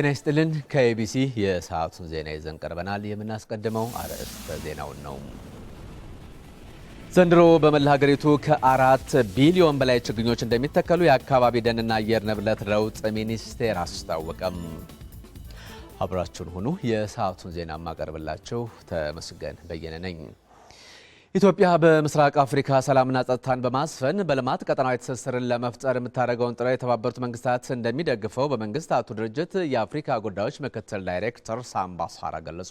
ጤና ይስጥልን። ከኤቢሲ የሰዓቱን ዜና ይዘን ቀርበናል። የምናስቀድመው አርዕስተ ዜናውን ነው። ዘንድሮ በመላ ሀገሪቱ ከአራት ቢሊዮን በላይ ችግኞች እንደሚተከሉ የአካባቢ ደንና አየር ንብረት ለውጥ ሚኒስቴር አስታወቀም። አብራችሁን ሁኑ። የሰዓቱን ዜና ማቀርብላችሁ ተመስገን በየነ ነኝ። ኢትዮጵያ በምስራቅ አፍሪካ ሰላምና ጸጥታን በማስፈን በልማት ቀጠናዊ ትስስርን ለመፍጠር የምታደርገውን ጥረት የተባበሩት መንግስታት እንደሚደግፈው በመንግስታቱ ድርጅት የአፍሪካ ጉዳዮች ምክትል ዳይሬክተር ሳምባሳራ ገለጹ።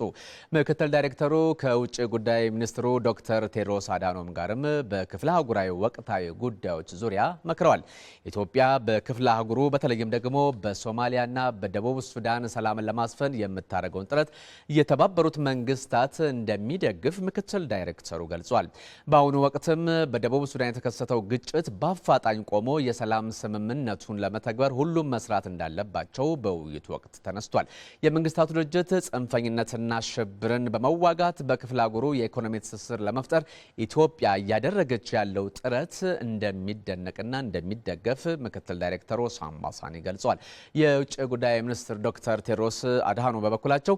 ምክትል ዳይሬክተሩ ከውጭ ጉዳይ ሚኒስትሩ ዶክተር ቴድሮስ አዳኖም ጋርም በክፍለ አህጉራዊ ወቅታዊ ጉዳዮች ዙሪያ መክረዋል። ኢትዮጵያ በክፍለ አህጉሩ በተለይም ደግሞ በሶማሊያና በደቡብ ሱዳን ሰላምን ለማስፈን የምታደርገውን ጥረት የተባበሩት መንግስታት እንደሚደግፍ ምክትል ዳይሬክተሩ ገልጸዋል። ገልጿል። በአሁኑ ወቅትም በደቡብ ሱዳን የተከሰተው ግጭት በአፋጣኝ ቆሞ የሰላም ስምምነቱን ለመተግበር ሁሉም መስራት እንዳለባቸው በውይይቱ ወቅት ተነስቷል። የመንግስታቱ ድርጅት ጽንፈኝነትና ሽብርን በመዋጋት በክፍለ አህጉሩ የኢኮኖሚ ትስስር ለመፍጠር ኢትዮጵያ እያደረገች ያለው ጥረት እንደሚደነቅና እንደሚደገፍ ምክትል ዳይሬክተሩ ሳምባሳኒ ገልጿል። የውጭ ጉዳይ ሚኒስትር ዶክተር ቴዎድሮስ አድሃኖ በበኩላቸው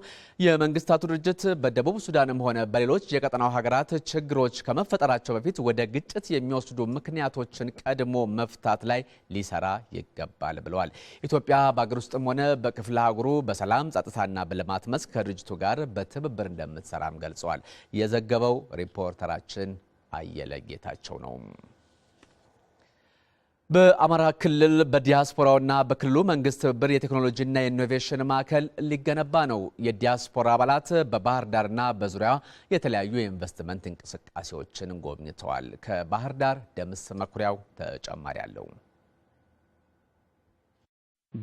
የመንግስታቱ ድርጅት በደቡብ ሱዳንም ሆነ በሌሎች የቀጠናው ሀገራት ችግሮ ችግሮች ከመፈጠራቸው በፊት ወደ ግጭት የሚወስዱ ምክንያቶችን ቀድሞ መፍታት ላይ ሊሰራ ይገባል ብለዋል። ኢትዮጵያ በአገር ውስጥም ሆነ በክፍለ አህጉሩ በሰላም ጸጥታና በልማት መስክ ከድርጅቱ ጋር በትብብር እንደምትሰራም ገልጸዋል። የዘገበው ሪፖርተራችን አየለ ጌታቸው ነው። በአማራ ክልል በዲያስፖራውና በክልሉ መንግስት ትብብር የቴክኖሎጂና የኢኖቬሽን ማዕከል ሊገነባ ነው። የዲያስፖራ አባላት በባህር ዳርና በዙሪያ የተለያዩ የኢንቨስትመንት እንቅስቃሴዎችን ጎብኝተዋል። ከባህር ዳር ደምስ መኩሪያው ተጨማሪ አለው።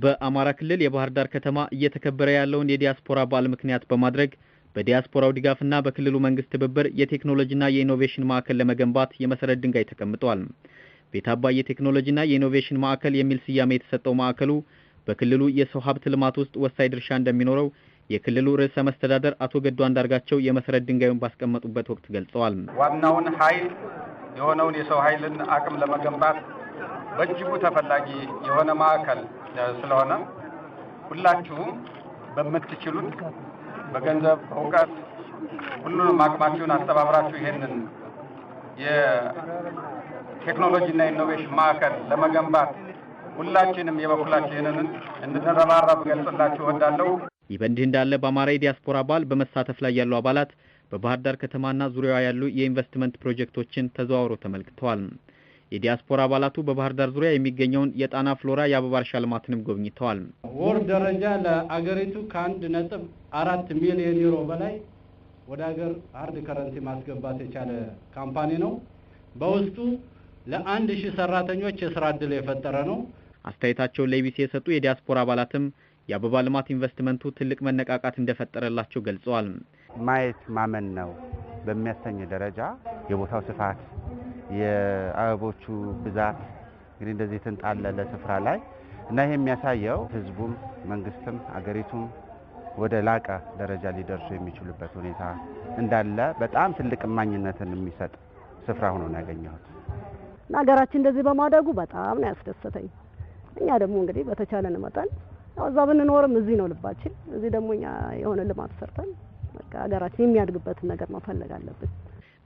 በአማራ ክልል የባህር ዳር ከተማ እየተከበረ ያለውን የዲያስፖራ በዓል ምክንያት በማድረግ በዲያስፖራው ድጋፍና በክልሉ መንግስት ትብብር የቴክኖሎጂና የኢኖቬሽን ማዕከል ለመገንባት የመሰረት ድንጋይ ተቀምጧል። ቤት አባይ የቴክኖሎጂና የኢኖቬሽን ማዕከል የሚል ስያሜ የተሰጠው ማዕከሉ በክልሉ የሰው ሀብት ልማት ውስጥ ወሳኝ ድርሻ እንደሚኖረው የክልሉ ርዕሰ መስተዳደር አቶ ገዱ አንዳርጋቸው የመሰረት ድንጋዩን ባስቀመጡበት ወቅት ገልጸዋል። ዋናውን ኃይል የሆነውን የሰው ኃይልን አቅም ለመገንባት በእጅጉ ተፈላጊ የሆነ ማዕከል ስለሆነ ሁላችሁም በምትችሉት በገንዘብ፣ በእውቀት ሁሉንም አቅማችሁን አስተባብራችሁ ይሄንን ቴክኖሎጂና ኢኖቬሽን ማዕከል ለመገንባት ሁላችንም የበኩላችንን እንድንረባረብ ገልጽላችሁ እወዳለሁ። ይህ በእንዲህ እንዳለ በአማራ የዲያስፖራ በዓል በመሳተፍ ላይ ያሉ አባላት በባህር ዳር ከተማና ዙሪያዋ ያሉ የኢንቨስትመንት ፕሮጀክቶችን ተዘዋውረው ተመልክተዋል። የዲያስፖራ አባላቱ በባህር ዳር ዙሪያ የሚገኘውን የጣና ፍሎራ የአበባ እርሻ ልማትንም ጎብኝተዋል። ወር ደረጃ ለአገሪቱ ከአንድ ነጥብ አራት ሚሊዮን ዩሮ በላይ ወደ ሀገር ሀርድ ከረንሲ ማስገባት የቻለ ካምፓኒ ነው። በውስጡ ለአንድ ሺህ ሰራተኞች የስራ እድል የፈጠረ ነው። አስተያየታቸውን ለኢቢሲ የሰጡ የዲያስፖራ አባላትም የአበባ ልማት ኢንቨስትመንቱ ትልቅ መነቃቃት እንደፈጠረላቸው ገልጸዋል። ማየት ማመን ነው በሚያሰኝ ደረጃ የቦታው ስፋት፣ የአበቦቹ ብዛት እንግዲህ እንደዚህ የተንጣለለ ስፍራ ላይ እና ይህ የሚያሳየው ህዝቡም፣ መንግስትም፣ አገሪቱም ወደ ላቀ ደረጃ ሊደርሱ የሚችሉበት ሁኔታ እንዳለ በጣም ትልቅ እማኝነትን የሚሰጥ ስፍራ ሆኖ ነው ያገኘሁት። እና ሀገራችን እንደዚህ በማደጉ በጣም ነው ያስደሰተኝ። እኛ ደግሞ እንግዲህ በተቻለን መጠን እዛ ብንኖርም እዚህ ነው ልባችን። እዚህ ደግሞ እኛ የሆነ ልማት ሰርተን በቃ ሀገራችን የሚያድግበትን ነገር መፈለግ አለብን።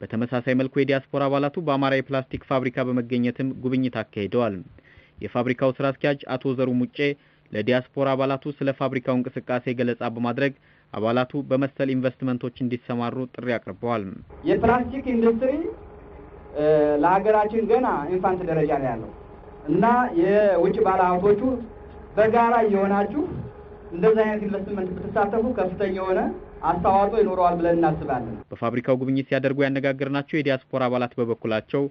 በተመሳሳይ መልኩ የዲያስፖራ አባላቱ በአማራ የፕላስቲክ ፋብሪካ በመገኘትም ጉብኝት አካሂደዋል። የፋብሪካው ስራ አስኪያጅ አቶ ዘሩ ሙጬ ለዲያስፖራ አባላቱ ስለ ፋብሪካው እንቅስቃሴ ገለጻ በማድረግ አባላቱ በመሰል ኢንቨስትመንቶች እንዲሰማሩ ጥሪ አቅርበዋል። የፕላስቲክ ኢንዱስትሪ ለሀገራችን ገና ኢንፋንት ደረጃ ነው ያለው እና የውጭ ባለሀብቶቹ በጋራ እየሆናችሁ እንደዚህ አይነት ኢንቨስትመንት ብትሳተፉ ከፍተኛ የሆነ አስተዋጽኦ ይኖረዋል ብለን እናስባለን። በፋብሪካው ጉብኝት ሲያደርጉ ያነጋገርናቸው የዲያስፖራ አባላት በበኩላቸው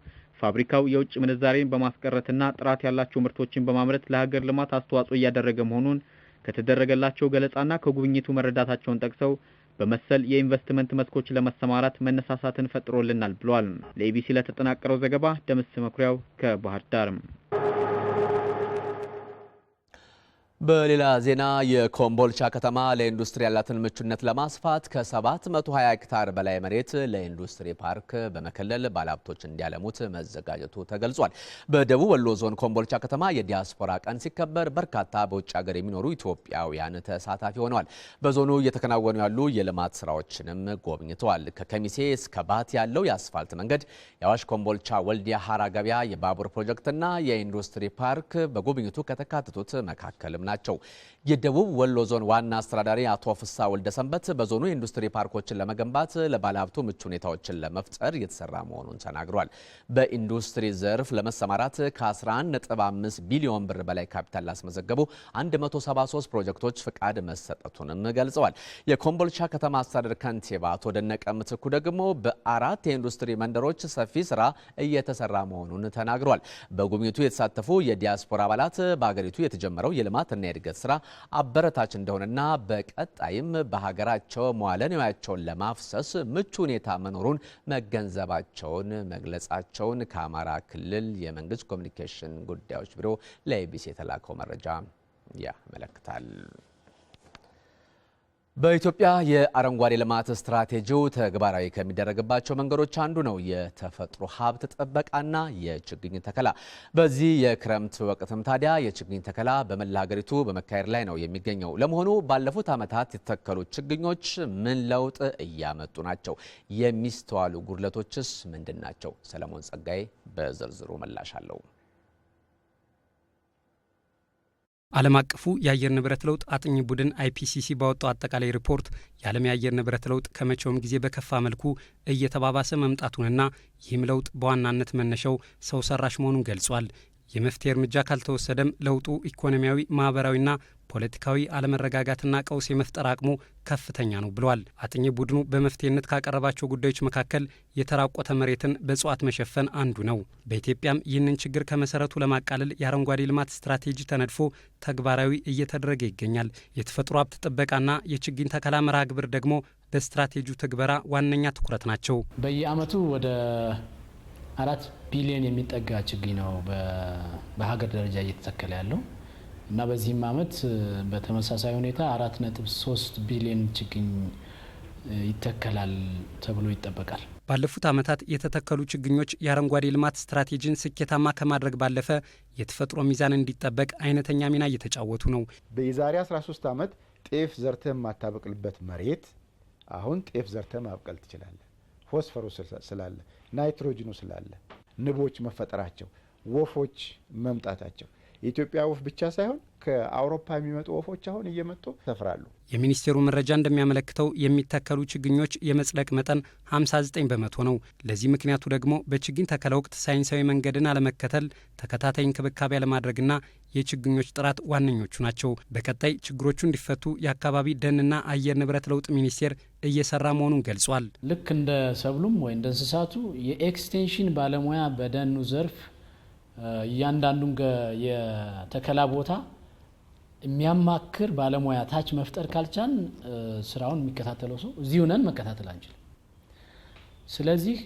ፋብሪካው የውጭ ምንዛሬን በማስቀረትና ጥራት ያላቸው ምርቶችን በማምረት ለሀገር ልማት አስተዋጽኦ እያደረገ መሆኑን ከተደረገላቸው ገለጻና ከጉብኝቱ መረዳታቸውን ጠቅሰው በመሰል የኢንቨስትመንት መስኮች ለመሰማራት መነሳሳትን ፈጥሮልናል ብሏል። ለኢቢሲ ለተጠናቀረው ዘገባ ደምስ መኩሪያው ከባህር ዳር በሌላ ዜና የኮምቦልቻ ከተማ ለኢንዱስትሪ ያላትን ምቹነት ለማስፋት ከ720 ሄክታር በላይ መሬት ለኢንዱስትሪ ፓርክ በመከለል ባለሀብቶች እንዲያለሙት መዘጋጀቱ ተገልጿል። በደቡብ ወሎ ዞን ኮምቦልቻ ከተማ የዲያስፖራ ቀን ሲከበር በርካታ በውጭ ሀገር የሚኖሩ ኢትዮጵያውያን ተሳታፊ ሆነዋል። በዞኑ እየተከናወኑ ያሉ የልማት ስራዎችንም ጎብኝተዋል። ከከሚሴ እስከ ባት ያለው የአስፋልት መንገድ፣ የአዋሽ ኮምቦልቻ ወልዲያ ሀራ ገበያ የባቡር ፕሮጀክትና የኢንዱስትሪ ፓርክ በጉብኝቱ ከተካተቱት መካከልም ናቸው። የደቡብ ወሎ ዞን ዋና አስተዳዳሪ አቶ ወልደ ሰንበት በዞኑ የኢንዱስትሪ ፓርኮችን ለመገንባት ለባለሀብቱ ምቹ ሁኔታዎችን ለመፍጠር የተሰራ መሆኑን ተናግሯል። በኢንዱስትሪ ዘርፍ ለመሰማራት ከ11.5 ቢሊዮን ብር በላይ ካፒታል ላስመዘገቡ 173 ፕሮጀክቶች ፍቃድ መሰጠቱንም ገልጸዋል። የኮምቦልቻ ከተማ አስተዳደር ከንቲባ አቶ ደነቀ ምትኩ ደግሞ በአራት የኢንዱስትሪ መንደሮች ሰፊ ስራ እየተሰራ መሆኑን ተናግሯል። በጉብኝቱ የተሳተፉ የዲያስፖራ አባላት በአገሪቱ የተጀመረው የልማት የልማትና የእድገት ስራ አበረታች እንደሆነና በቀጣይም በሀገራቸው መዋለ ንዋያቸውን ለማፍሰስ ምቹ ሁኔታ መኖሩን መገንዘባቸውን መግለጻቸውን ከአማራ ክልል የመንግስት ኮሚኒኬሽን ጉዳዮች ቢሮ ለኢቢሲ የተላከው መረጃ ያመለክታል። በኢትዮጵያ የአረንጓዴ ልማት ስትራቴጂው ተግባራዊ ከሚደረግባቸው መንገዶች አንዱ ነው የተፈጥሮ ሀብት ጥበቃና የችግኝ ተከላ። በዚህ የክረምት ወቅትም ታዲያ የችግኝ ተከላ በመላ ሀገሪቱ በመካሄድ ላይ ነው የሚገኘው። ለመሆኑ ባለፉት ዓመታት የተተከሉ ችግኞች ምን ለውጥ እያመጡ ናቸው? የሚስተዋሉ ጉድለቶችስ ምንድን ናቸው? ሰለሞን ጸጋዬ በዝርዝሩ ምላሽ አለው። ዓለም አቀፉ የአየር ንብረት ለውጥ አጥኚ ቡድን አይፒሲሲ ባወጣው አጠቃላይ ሪፖርት የዓለም የአየር ንብረት ለውጥ ከመቼውም ጊዜ በከፋ መልኩ እየተባባሰ መምጣቱንና ይህም ለውጥ በዋናነት መነሻው ሰው ሰራሽ መሆኑን ገልጿል። የመፍትሄ እርምጃ ካልተወሰደም ለውጡ ኢኮኖሚያዊ፣ ማህበራዊና ፖለቲካዊ አለመረጋጋትና ቀውስ የመፍጠር አቅሙ ከፍተኛ ነው ብለዋል። አጥኚ ቡድኑ በመፍትሄነት ካቀረባቸው ጉዳዮች መካከል የተራቆተ መሬትን በእጽዋት መሸፈን አንዱ ነው። በኢትዮጵያም ይህንን ችግር ከመሰረቱ ለማቃለል የአረንጓዴ ልማት ስትራቴጂ ተነድፎ ተግባራዊ እየተደረገ ይገኛል። የተፈጥሮ ሀብት ጥበቃና የችግኝ ተከላ መርሃ ግብር ደግሞ በስትራቴጂው ትግበራ ዋነኛ ትኩረት ናቸው። በየአመቱ ወደ አራት ቢሊዮን የሚጠጋ ችግኝ ነው በሀገር ደረጃ እየተተከለ ያለው እና በዚህም አመት በተመሳሳይ ሁኔታ አራት ነጥብ ሶስት ቢሊዮን ችግኝ ይተከላል ተብሎ ይጠበቃል። ባለፉት አመታት የተተከሉ ችግኞች የአረንጓዴ ልማት ስትራቴጂን ስኬታማ ከማድረግ ባለፈ የተፈጥሮ ሚዛን እንዲጠበቅ አይነተኛ ሚና እየተጫወቱ ነው። የዛሬ 13 ዓመት ጤፍ ዘርተ የማታበቅልበት መሬት አሁን ጤፍ ዘርተ ማብቀል ትችላለ። ፎስፈሩ ስላለ፣ ናይትሮጅኑ ስላለ፣ ንቦች መፈጠራቸው፣ ወፎች መምጣታቸው የኢትዮጵያ ወፍ ብቻ ሳይሆን ከአውሮፓ የሚመጡ ወፎች አሁን እየመጡ ሰፍራሉ። የሚኒስቴሩ መረጃ እንደሚያመለክተው የሚተከሉ ችግኞች የመጽለቅ መጠን 59 በመቶ ነው። ለዚህ ምክንያቱ ደግሞ በችግኝ ተከላ ወቅት ሳይንሳዊ መንገድን አለመከተል፣ ተከታታይ እንክብካቤ አለማድረግና የችግኞች ጥራት ዋነኞቹ ናቸው። በቀጣይ ችግሮቹ እንዲፈቱ የአካባቢ ደንና አየር ንብረት ለውጥ ሚኒስቴር እየሰራ መሆኑን ገልጿል። ልክ እንደ ሰብሉም ወይ እንደ እንስሳቱ የኤክስቴንሽን ባለሙያ በደኑ ዘርፍ እያንዳንዱን የተከላ ቦታ የሚያማክር ባለሙያ ታች መፍጠር ካልቻን ስራውን የሚከታተለው ሰው እዚህ መከታተል አንችልም። ስለዚህ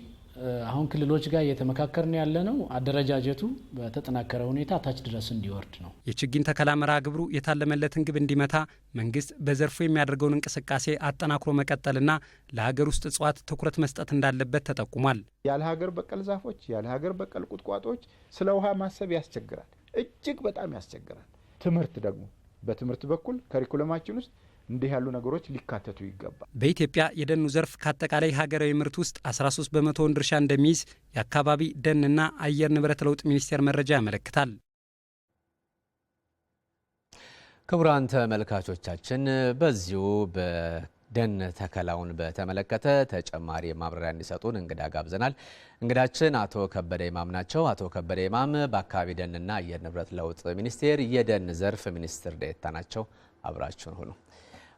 አሁን ክልሎች ጋር እየተመካከርን ነው። አደረጃጀቱ በተጠናከረ ሁኔታ ታች ድረስ እንዲወርድ ነው። የችግኝ ተከላ መርሃ ግብሩ የታለመለትን ግብ እንዲመታ መንግስት በዘርፉ የሚያደርገውን እንቅስቃሴ አጠናክሮ መቀጠልና ለሀገር ውስጥ እጽዋት ትኩረት መስጠት እንዳለበት ተጠቁሟል። ያለ ሀገር በቀል ዛፎች፣ ያለ ሀገር በቀል ቁጥቋጦዎች ስለ ውሃ ማሰብ ያስቸግራል፣ እጅግ በጣም ያስቸግራል። ትምህርት ደግሞ በትምህርት በኩል ከሪኩለማችን ውስጥ እንዲህ ያሉ ነገሮች ሊካተቱ ይገባል። በኢትዮጵያ የደኑ ዘርፍ ከአጠቃላይ ሀገራዊ ምርት ውስጥ 13 በመቶውን ድርሻ እንደሚይዝ የአካባቢ ደንና አየር ንብረት ለውጥ ሚኒስቴር መረጃ ያመለክታል። ክቡራን ተመልካቾቻችን በዚሁ ደን ተከላውን በተመለከተ ተጨማሪ ማብራሪያ እንዲሰጡን እንግዳ ጋብዘናል። እንግዳችን አቶ ከበደ ይማም ናቸው። አቶ ከበደ ይማም በአካባቢ ደንና አየር ንብረት ለውጥ ሚኒስቴር የደን ዘርፍ ሚኒስትር ዴኤታ ናቸው። አብራችሁን ሁኑ።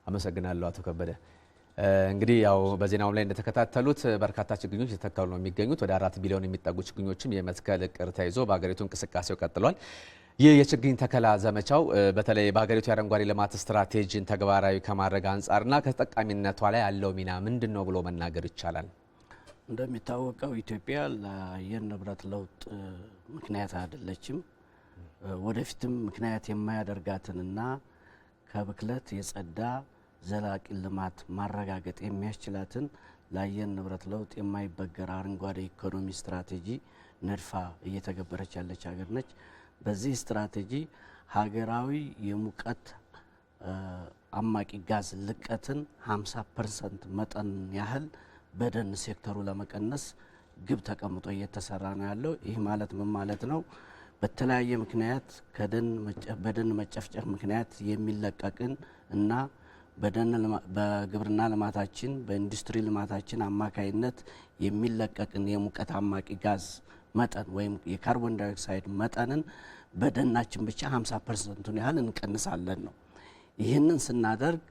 አመሰግናለሁ አቶ ከበደ። እንግዲህ ያው በዜናውም ላይ እንደተከታተሉት በርካታ ችግኞች የተተከሉ ነው የሚገኙት። ወደ አራት ቢሊዮን የሚጠጉ ችግኞችም የመትከል እቅድ ተይዞ በሀገሪቱ እንቅስቃሴው ቀጥሏል። ይህ የችግኝ ተከላ ዘመቻው በተለይ በሀገሪቱ የአረንጓዴ ልማት ስትራቴጂን ተግባራዊ ከማድረግ አንጻርና ከተጠቃሚነቷ ላይ ያለው ሚና ምንድን ነው ብሎ መናገር ይቻላል? እንደሚታወቀው ኢትዮጵያ ለአየር ንብረት ለውጥ ምክንያት አይደለችም። ወደፊትም ምክንያት የማያደርጋትንና ከብክለት የጸዳ ዘላቂ ልማት ማረጋገጥ የሚያስችላትን ለአየር ንብረት ለውጥ የማይበገር አረንጓዴ ኢኮኖሚ ስትራቴጂ ነድፋ እየተገበረች ያለች ሀገር ነች። በዚህ ስትራቴጂ ሀገራዊ የሙቀት አማቂ ጋዝ ልቀትን 50 ፐርሰንት መጠን ያህል በደን ሴክተሩ ለመቀነስ ግብ ተቀምጦ እየተሰራ ነው ያለው። ይህ ማለት ምን ማለት ነው? በተለያየ ምክንያት በደን መጨፍጨፍ ምክንያት የሚለቀቅን እና በግብርና ልማታችን በኢንዱስትሪ ልማታችን አማካይነት የሚለቀቅን የሙቀት አማቂ ጋዝ መጠን ወይም የካርቦን ዳይኦክሳይድ መጠንን በደናችን ብቻ 50 ፐርሰንቱን ያህል እንቀንሳለን ነው። ይህንን ስናደርግ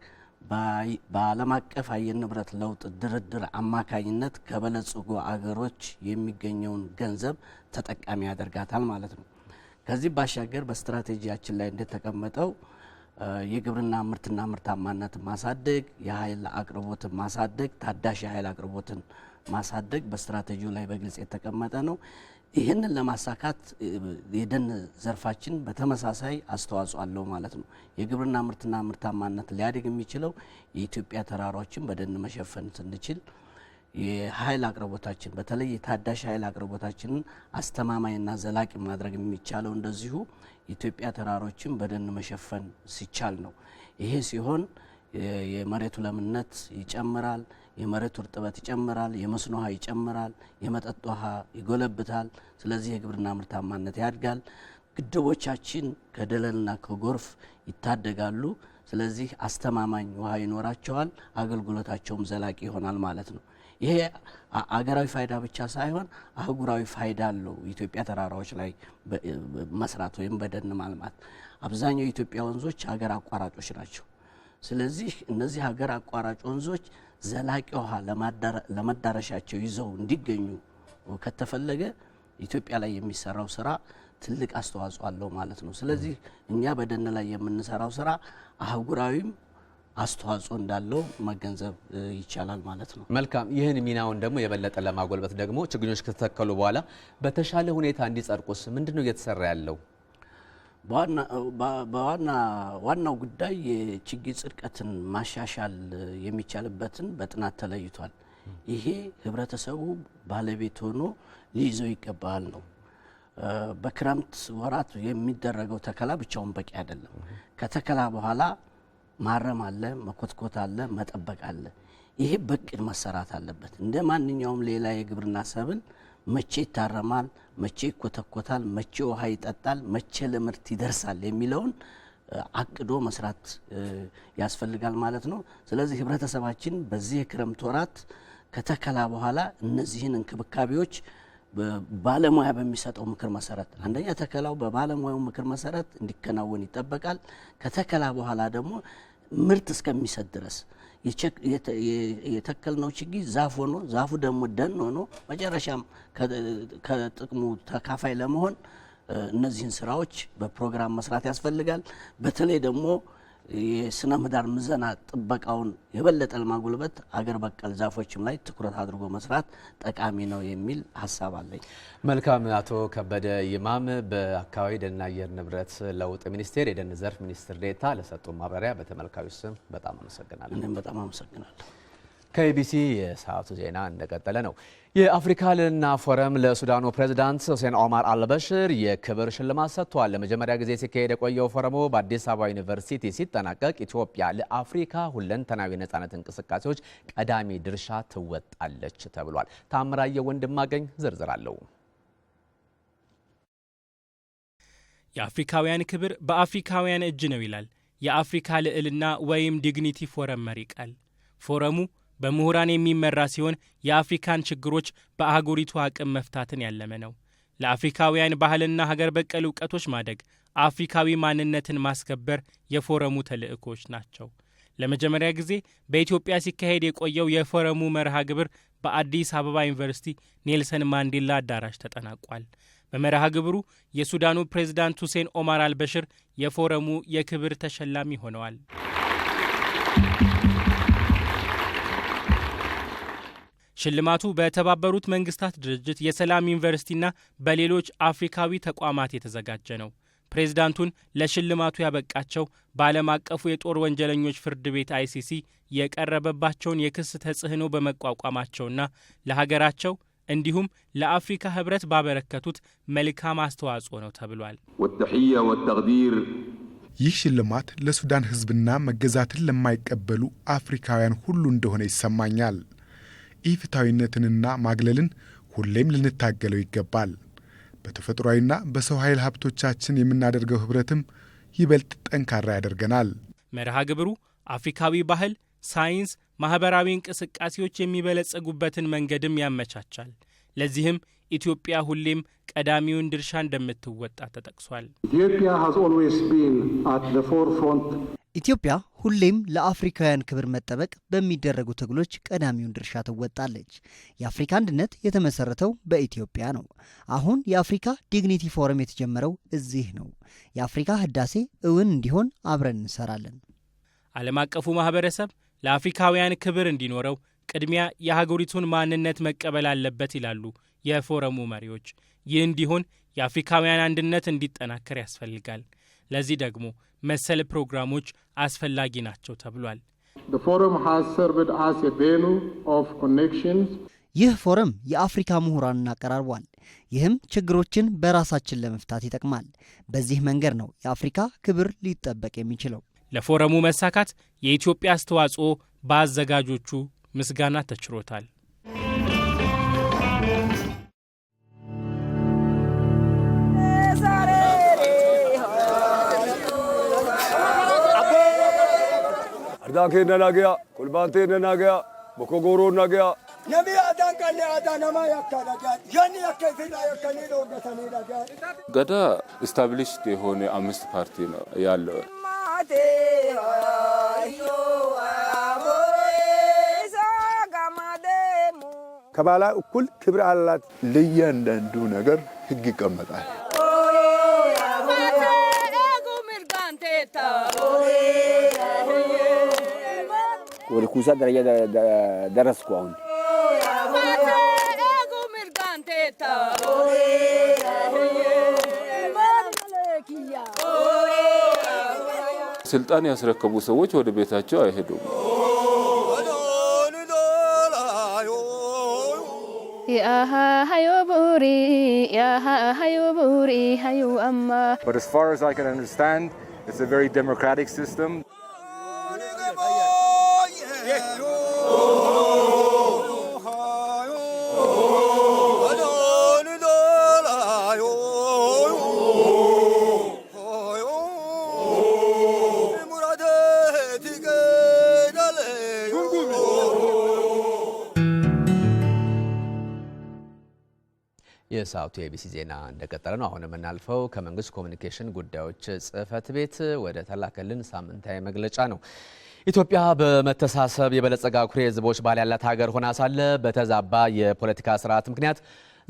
በዓለም አቀፍ አየር ንብረት ለውጥ ድርድር አማካኝነት ከበለጸጉ አገሮች የሚገኘውን ገንዘብ ተጠቃሚ ያደርጋታል ማለት ነው። ከዚህ ባሻገር በስትራቴጂያችን ላይ እንደተቀመጠው የግብርና ምርትና ምርታማነት ማሳደግ፣ የኃይል አቅርቦትን ማሳደግ፣ ታዳሽ የኃይል አቅርቦትን ማሳደግ በስትራቴጂው ላይ በግልጽ የተቀመጠ ነው። ይህንን ለማሳካት የደን ዘርፋችን በተመሳሳይ አስተዋጽኦ አለው ማለት ነው። የግብርና ምርትና ምርታማነት ሊያድግ የሚችለው የኢትዮጵያ ተራሮችን በደን መሸፈን ስንችል፣ የኃይል አቅርቦታችን በተለይ የታዳሽ ኃይል አቅርቦታችንን አስተማማኝና ዘላቂ ማድረግ የሚቻለው እንደዚሁ የኢትዮጵያ ተራሮችን በደን መሸፈን ሲቻል ነው። ይሄ ሲሆን የመሬቱ ለምነት ይጨምራል፣ የመሬቱ እርጥበት ይጨምራል፣ የመስኖ ውሃ ይጨምራል፣ የመጠጥ ውሃ ይጎለብታል። ስለዚህ የግብርና ምርታማነት ያድጋል። ግድቦቻችን ከደለልና ከጎርፍ ይታደጋሉ። ስለዚህ አስተማማኝ ውሃ ይኖራቸዋል፣ አገልግሎታቸውም ዘላቂ ይሆናል ማለት ነው። ይሄ አገራዊ ፋይዳ ብቻ ሳይሆን አህጉራዊ ፋይዳ አለው። ኢትዮጵያ ተራራዎች ላይ መስራት ወይም በደን ማልማት አብዛኛው የኢትዮጵያ ወንዞች ሀገር አቋራጮች ናቸው። ስለዚህ እነዚህ ሀገር አቋራጭ ወንዞች ዘላቂ ውሃ ለመዳረሻቸው ይዘው እንዲገኙ ከተፈለገ ኢትዮጵያ ላይ የሚሰራው ስራ ትልቅ አስተዋጽኦ አለው ማለት ነው። ስለዚህ እኛ በደን ላይ የምንሰራው ስራ አህጉራዊም አስተዋጽኦ እንዳለው መገንዘብ ይቻላል ማለት ነው። መልካም። ይህን ሚናውን ደግሞ የበለጠ ለማጎልበት ደግሞ ችግኞች ከተተከሉ በኋላ በተሻለ ሁኔታ እንዲጸድቁስ ምንድን ነው እየተሰራ ያለው? በዋና ዋናው ጉዳይ የችግኝ ጽድቀትን ማሻሻል የሚቻልበትን በጥናት ተለይቷል። ይሄ ህብረተሰቡ ባለቤት ሆኖ ሊይዘው ይገባል ነው በክረምት ወራት የሚደረገው ተከላ ብቻውን በቂ አይደለም። ከተከላ በኋላ ማረም አለ፣ መኮትኮት አለ፣ መጠበቅ አለ። ይሄ በቅድ መሰራት አለበት። እንደ ማንኛውም ሌላ የግብርና ሰብል መቼ ይታረማል፣ መቼ ይኮተኮታል፣ መቼ ውሃ ይጠጣል፣ መቼ ለምርት ይደርሳል የሚለውን አቅዶ መስራት ያስፈልጋል ማለት ነው። ስለዚህ ህብረተሰባችን በዚህ የክረምት ወራት ከተከላ በኋላ እነዚህን እንክብካቤዎች ባለሙያ በሚሰጠው ምክር መሰረት አንደኛ ተከላው በባለሙያው ምክር መሰረት እንዲከናወን ይጠበቃል። ከተከላ በኋላ ደግሞ ምርት እስከሚሰጥ ድረስ የተከልነው ችግኝ ዛፍ ሆኖ ዛፉ ደግሞ ደን ሆኖ መጨረሻም ከጥቅሙ ተካፋይ ለመሆን እነዚህን ስራዎች በፕሮግራም መስራት ያስፈልጋል። በተለይ ደግሞ የስነ ምህዳር ምዘና ጥበቃውን የበለጠ ለማጎልበት አገር በቀል ዛፎችም ላይ ትኩረት አድርጎ መስራት ጠቃሚ ነው የሚል ሀሳብ አለኝ። መልካም። አቶ ከበደ ይማም በአካባቢ ደንና አየር ንብረት ለውጥ ሚኒስቴር የደን ዘርፍ ሚኒስትር ዴታ ለሰጡ ማብራሪያ በተመልካዩ ስም በጣም አመሰግናለሁ። እኔም በጣም አመሰግናለሁ። ከኢቢሲ የሰዓቱ ዜና እንደቀጠለ ነው። የአፍሪካ ልዕልና ፎረም ለሱዳኑ ፕሬዝዳንት ሁሴን ኦማር አልበሽር የክብር ሽልማት ሰጥቷል። ለመጀመሪያ ጊዜ ሲካሄድ የቆየው ፎረሙ በአዲስ አበባ ዩኒቨርሲቲ ሲጠናቀቅ ኢትዮጵያ ለአፍሪካ ሁለንተናዊ ነጻነት እንቅስቃሴዎች ቀዳሚ ድርሻ ትወጣለች ተብሏል። ታምራየ ወንድማገኝ ዝርዝር አለው። የአፍሪካውያን ክብር በአፍሪካውያን እጅ ነው ይላል የአፍሪካ ልዕልና ወይም ዲግኒቲ ፎረም መሪ ቃል ፎረሙ በምሁራን የሚመራ ሲሆን የአፍሪካን ችግሮች በአህጉሪቱ አቅም መፍታትን ያለመ ነው። ለአፍሪካውያን ባህልና ሀገር በቀል እውቀቶች ማደግ፣ አፍሪካዊ ማንነትን ማስከበር የፎረሙ ተልእኮች ናቸው። ለመጀመሪያ ጊዜ በኢትዮጵያ ሲካሄድ የቆየው የፎረሙ መርሃ ግብር በአዲስ አበባ ዩኒቨርሲቲ ኔልሰን ማንዴላ አዳራሽ ተጠናቋል። በመርሃ ግብሩ የሱዳኑ ፕሬዝዳንት ሁሴን ኦማር አልበሽር የፎረሙ የክብር ተሸላሚ ሆነዋል። ሽልማቱ በተባበሩት መንግስታት ድርጅት የሰላም ዩኒቨርሲቲና በሌሎች አፍሪካዊ ተቋማት የተዘጋጀ ነው። ፕሬዝዳንቱን ለሽልማቱ ያበቃቸው በዓለም አቀፉ የጦር ወንጀለኞች ፍርድ ቤት አይሲሲ የቀረበባቸውን የክስ ተጽዕኖ በመቋቋማቸውና ለሀገራቸው እንዲሁም ለአፍሪካ ህብረት ባበረከቱት መልካም አስተዋጽኦ ነው ተብሏል። ወተሕያ ወተቅዲር ይህ ሽልማት ለሱዳን ህዝብና መገዛትን ለማይቀበሉ አፍሪካውያን ሁሉ እንደሆነ ይሰማኛል። ኢፍታዊነትንና ማግለልን ሁሌም ልንታገለው ይገባል። በተፈጥሯዊና በሰው ኃይል ሀብቶቻችን የምናደርገው ኅብረትም ይበልጥ ጠንካራ ያደርገናል። መርሃ ግብሩ አፍሪካዊ ባህል፣ ሳይንስ፣ ማኅበራዊ እንቅስቃሴዎች የሚበለጸጉበትን መንገድም ያመቻቻል። ለዚህም ኢትዮጵያ ሁሌም ቀዳሚውን ድርሻ እንደምትወጣ ተጠቅሷል። ኢትዮጵያ ሁሌም ለአፍሪካውያን ክብር መጠበቅ በሚደረጉ ትግሎች ቀዳሚውን ድርሻ ትወጣለች። የአፍሪካ አንድነት የተመሰረተው በኢትዮጵያ ነው። አሁን የአፍሪካ ዲግኒቲ ፎረም የተጀመረው እዚህ ነው። የአፍሪካ ህዳሴ እውን እንዲሆን አብረን እንሰራለን። ዓለም አቀፉ ማህበረሰብ ለአፍሪካውያን ክብር እንዲኖረው ቅድሚያ የሀገሪቱን ማንነት መቀበል አለበት ይላሉ የፎረሙ መሪዎች። ይህ እንዲሆን የአፍሪካውያን አንድነት እንዲጠናከር ያስፈልጋል። ለዚህ ደግሞ መሰል ፕሮግራሞች አስፈላጊ ናቸው ተብሏል። ይህ ፎረም የአፍሪካ ምሁራንን አቀራርቧል። ይህም ችግሮችን በራሳችን ለመፍታት ይጠቅማል። በዚህ መንገድ ነው የአፍሪካ ክብር ሊጠበቅ የሚችለው። ለፎረሙ መሳካት የኢትዮጵያ አስተዋጽኦ በአዘጋጆቹ ምስጋና ተችሮታል። ሚዛን ከሄድነን አገያ ኩልባንቴ ሄድነን አገያ በኮጎሮን አገያ ገዳ ስታብሊሽድ የሆነ አምስት ፓርቲ ነው ያለው። ከባላ እኩል ክብር አላት። ለእያንዳንዱ ነገር ህግ ይቀመጣል። ስልጣን ያስረከቡ ሰዎች ወደ ቤታቸው አይሄዱም። But as far as I can understand, it's a very democratic system. የሰዓቱ የቢሲ ዜና እንደቀጠለ ነው። አሁን የምናልፈው ከመንግስት ኮሚኒኬሽን ጉዳዮች ጽህፈት ቤት ወደ ተላከልን ሳምንታዊ መግለጫ ነው። ኢትዮጵያ በመተሳሰብ የበለጸጋ ኩሬ ሕዝቦች ባል ያላት ሀገር ሆና ሳለ በተዛባ የፖለቲካ ስርዓት ምክንያት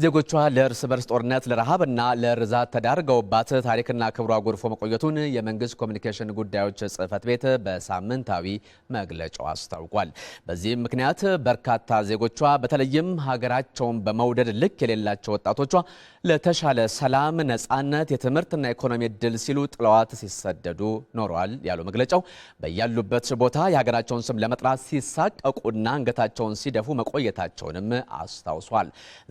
ዜጎቿ ለእርስ በርስ ጦርነት ለረሃብና ለርዛት ተዳርገውባት ታሪክና ክብሯ ጎርፎ መቆየቱን የመንግስት ኮሚኒኬሽን ጉዳዮች ጽህፈት ቤት በሳምንታዊ መግለጫው አስታውቋል። በዚህም ምክንያት በርካታ ዜጎቿ በተለይም ሀገራቸውን በመውደድ ልክ የሌላቸው ወጣቶቿ ለተሻለ ሰላም፣ ነጻነት፣ የትምህርትና ኢኮኖሚ እድል ሲሉ ጥለዋት ሲሰደዱ ኖረዋል ያሉ መግለጫው በያሉበት ቦታ የሀገራቸውን ስም ለመጥራት ሲሳቀቁና አንገታቸውን ሲደፉ መቆየታቸውንም አስታውሷል።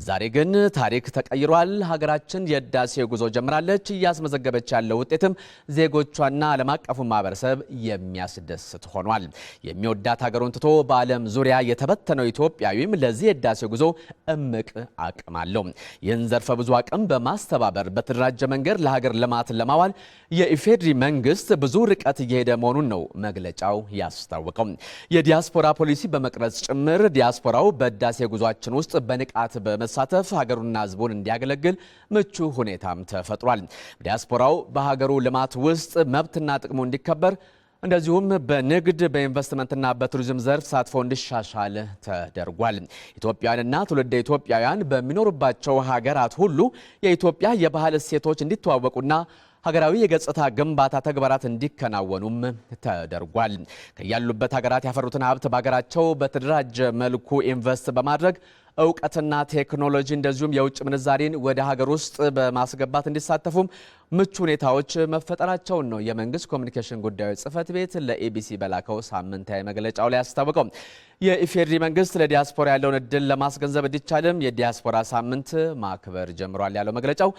ዛሬ ግን ታሪክ ተቀይሯል። ሀገራችን የህዳሴ ጉዞ ጀምራለች። እያስመዘገበች ያለው ውጤትም ዜጎቿና ዓለም አቀፉ ማህበረሰብ የሚያስደስት ሆኗል። የሚወዳት ሀገሩን ትቶ በዓለም ዙሪያ የተበተነው ኢትዮጵያዊም ለዚህ የህዳሴ ጉዞ እምቅ አቅም አለው። ይህን ዘርፈ ብዙ አቅም በማስተባበር በተደራጀ መንገድ ለሀገር ልማት ለማዋል የኢፌዴሪ መንግስት ብዙ ርቀት እየሄደ መሆኑን ነው መግለጫው ያስታወቀው። የዲያስፖራ ፖሊሲ በመቅረጽ ጭምር ዲያስፖራው በህዳሴ ጉዟችን ውስጥ በንቃት በመሳተፍ ሀገሩና ህዝቡን እንዲያገለግል ምቹ ሁኔታም ተፈጥሯል። ዲያስፖራው በሀገሩ ልማት ውስጥ መብትና ጥቅሙ እንዲከበር እንደዚሁም በንግድ በኢንቨስትመንትና በቱሪዝም ዘርፍ ተሳትፎ እንዲሻሻል ተደርጓል። ኢትዮጵያውያንና ትውልደ ኢትዮጵያውያን በሚኖሩባቸው ሀገራት ሁሉ የኢትዮጵያ የባህል እሴቶች እንዲተዋወቁና ሀገራዊ የገጽታ ግንባታ ተግባራት እንዲከናወኑም ተደርጓል። ከያሉበት ሀገራት ያፈሩትን ሀብት በሀገራቸው በተደራጀ መልኩ ኢንቨስት በማድረግ እውቀትና ቴክኖሎጂ እንደዚሁም የውጭ ምንዛሬን ወደ ሀገር ውስጥ በማስገባት እንዲሳተፉም ምቹ ሁኔታዎች መፈጠራቸውን ነው የመንግስት ኮሚኒኬሽን ጉዳዮች ጽህፈት ቤት ለኤቢሲ በላከው ሳምንታዊ መግለጫው ላይ አስታወቀው። የኢፌዴሪ መንግስት ለዲያስፖራ ያለውን እድል ለማስገንዘብ እንዲቻልም የዲያስፖራ ሳምንት ማክበር ጀምሯል ያለው መግለጫው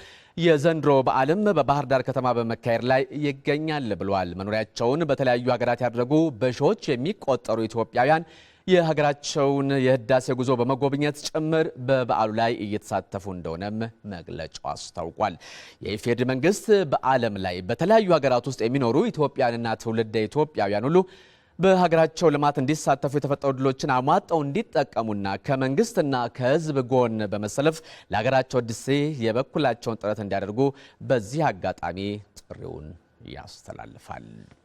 የዘንድሮ በዓልም በባህር ዳር ከተማ በመካሄድ ላይ ይገኛል ብሏል። መኖሪያቸውን በተለያዩ ሀገራት ያደረጉ በሺዎች የሚቆጠሩ ኢትዮጵያውያን የሀገራቸውን የህዳሴ ጉዞ በመጎብኘት ጭምር በበዓሉ ላይ እየተሳተፉ እንደሆነም መግለጫው አስታውቋል። የኢፌድ መንግስት በዓለም ላይ በተለያዩ ሀገራት ውስጥ የሚኖሩ ኢትዮጵያንና ትውልደ ኢትዮጵያውያን ሁሉ በሀገራቸው ልማት እንዲሳተፉ የተፈጠሩ ድሎችን አሟጠው እንዲጠቀሙና ከመንግስትና ከህዝብ ጎን በመሰለፍ ለሀገራቸው እድሴ የበኩላቸውን ጥረት እንዲያደርጉ በዚህ አጋጣሚ ጥሪውን ያስተላልፋል።